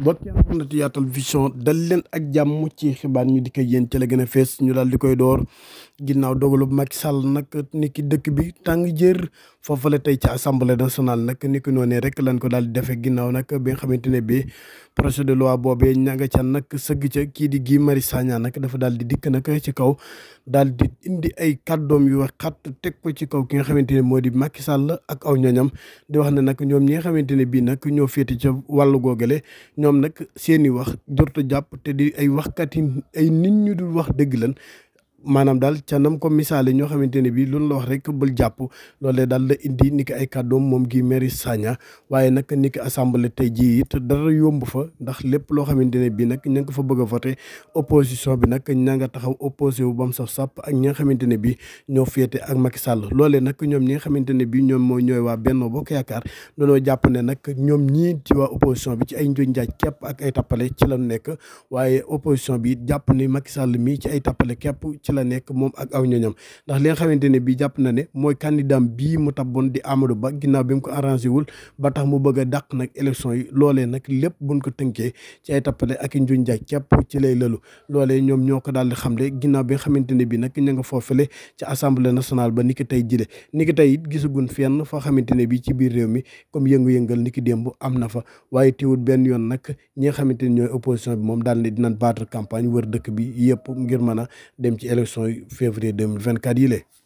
mbokk yi am na ci yaatal vision dal leen ak jàmm ci xibaar ñu di koy ci la gën a fees ñu daal di koy door ginnaaw dogalu Macky Sall nag ni ki dëkk bi tàng jër la tey ci assemblée nationale nag ni ki noonee rek lañ ko daal di defee ginnaaw nag bi nga xamante ne bi projet de loi boobee ña nga ca nag sëgg ca kii di Guy Marius Sagna nag dafa daal di dikk nag ci kaw daal di indi ay doom yu wax xat teg ko ci kaw ki nga xamante ne moo di Macky Sall ak aw ñooñam di wax ne nag ñoom ñi nga xamante ne bii nag ñoo féete ca wàllu googale ñoom nag seeni wax jot jàpp te di ay waxkat yi ay nit ñu dul wax dëgg lan maanaam daal ca nam ko misaale ñoo xamante ne bii loolu la wax rek bul jàpp loolee daal la indi ni ki ay kàddoom moom gi mairie Sagna waaye nag ni ki assemblée tey jii it dara yomb fa ndax lépp loo xamante ne bii nag ña nga fa bëgg a voté opposition bi nag ña nga taxaw opposé wu bam saf sàpp ak ñi nga xamante ne bii ñoo féete ak Macky Sall loolee nag ñoom ñi nga xamante ne bii ñoom mooy ñooy waa Benno Bokk Yaakaar dañoo jàpp ne nag ñoom ñii ci waa opposition bi ci ay njoñ njaaj képp ak ay tappale ci la lañu nekk waaye opposition bi jàpp ne Macky sàll mii ci ay tappale képp ci la nekk moom ak aw ñoñam ndax li nga xamante ne bii jàpp na ne mooy candidat bii mu tabboon di Amadou Ba ginnaaw bi mu ko arrangé wul ba tax mu bëgg a dàq nag élection yi loolee nag lépp buñ ko tënkee ci ay tappale ak ci lay lëlu loolee ñoom ñoo ko daal di xamle ginnaaw bi xamante ne bii nag ña nga foofale ci assemblée nationale ba ni ki tey jile ni ki tey it gisagun fenn foo xamante ne bii ci biir réew mi comme yëngu-yëngal ni ki démb am na fa waaye teewul benn yoon nag ñi nga xamante ne ñooy opposition bi moom daal ne dinañ battre campagne wër dëkk bi yëpp ngir mën a dem élection février 2024 yi le